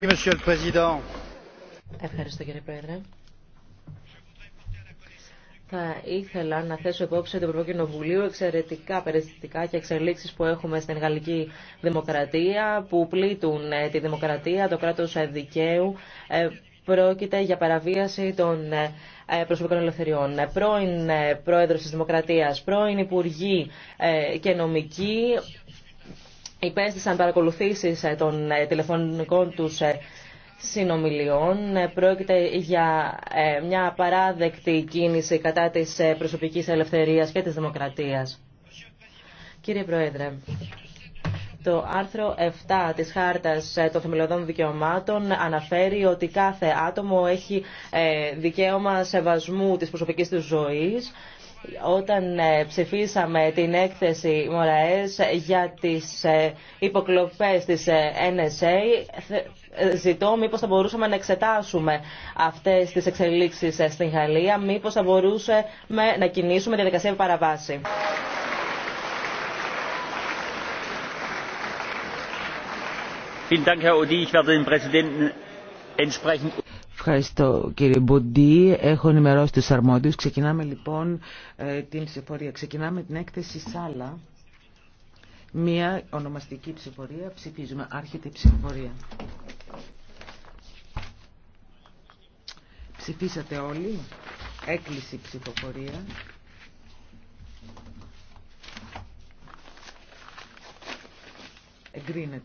Ευχαριστώ κύριε Πρόεδρε. Θα ήθελα να θέσω υπόψη του Ευρωπαϊκού Κοινοβουλίου εξαιρετικά περιστατικά και εξελίξεις που έχουμε στην γαλλική δημοκρατία, που πλήττουν ε, τη δημοκρατία, το κράτος δικαίου. Ε, πρόκειται για παραβίαση των ε, προσωπικών ελευθεριών. Πρώην πρόεδρος της Δημοκρατίας, πρώην υπουργοί και νομικοί υπέστησαν παρακολουθήσεις ε, των ε, τηλεφωνικών τους ε, συνομιλιών. Πρόκειται για μια παράδεκτη κίνηση κατά της προσωπικής ελευθερίας και της δημοκρατίας. Κύριε Πρόεδρε, το άρθρο 7 της Χάρτας των Θεμελιωδών Δικαιωμάτων αναφέρει ότι κάθε άτομο έχει δικαίωμα σεβασμού της προσωπικής του ζωής όταν ε, ψηφίσαμε την έκθεση Μωραές για τις ε, υποκλοπές της NSA ε, ζητώ μήπως θα μπορούσαμε να εξετάσουμε αυτές τις εξελίξεις στην Γαλλία μήπως θα μπορούσαμε να κινήσουμε τη διαδικασία παραβάση. Ευχαριστώ κύριε Μποντή. Έχω ενημερώσει τους αρμόδιους. Ξεκινάμε λοιπόν ε, την ψηφορία. Ξεκινάμε την έκθεση Σάλα. Μία ονομαστική ψηφορία. Ψηφίζουμε. Άρχεται η ψηφορία. Ψηφίσατε όλοι. Έκλεισε η ψηφοφορία. Εγκρίνεται.